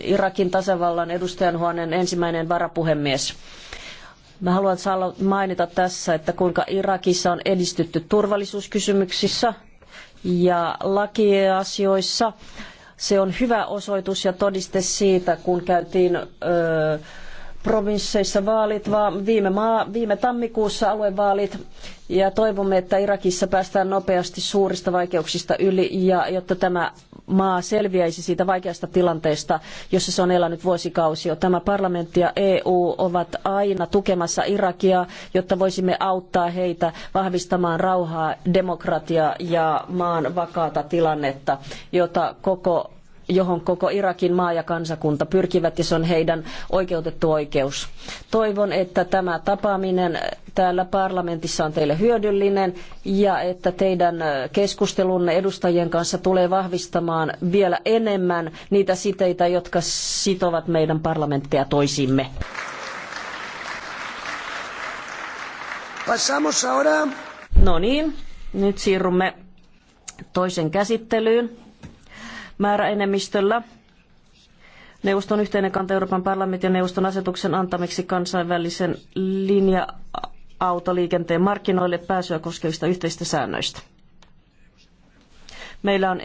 Irakin tasavallan edustajanhuoneen ensimmäinen varapuhemies. Mä haluan mainita tässä, että kuinka Irakissa on edistytty turvallisuuskysymyksissä ja lakiasioissa. Se on hyvä osoitus ja todiste siitä, kun käytiin ö, provinsseissa vaalit, vaan viime, maa, viime tammikuussa aluevaalit. Ja toivomme, että Irakissa päästään nopeasti suurista vaikeuksista yli, ja jotta tämä maa selviäisi siitä vaikeasta tilanteesta, jossa se on elänyt vuosikausia. Tämä parlamentti ja EU ovat aina tukemassa Irakia, jotta voisimme auttaa heitä vahvistamaan rauhaa, demokratiaa ja maan vakaata tilannetta, jota koko johon koko Irakin maa ja kansakunta pyrkivät, ja se on heidän oikeutettu oikeus. Toivon, että tämä tapaaminen täällä parlamentissa on teille hyödyllinen, ja että teidän keskustelunne edustajien kanssa tulee vahvistamaan vielä enemmän niitä siteitä, jotka sitovat meidän parlamenttia toisimme. ahora. No niin, nyt siirrymme toisen käsittelyyn määräenemmistöllä neuvoston yhteinen kanta Euroopan parlamentin ja neuvoston asetuksen antamiksi kansainvälisen linja-autoliikenteen markkinoille pääsyä koskevista yhteistä säännöistä. Meillä on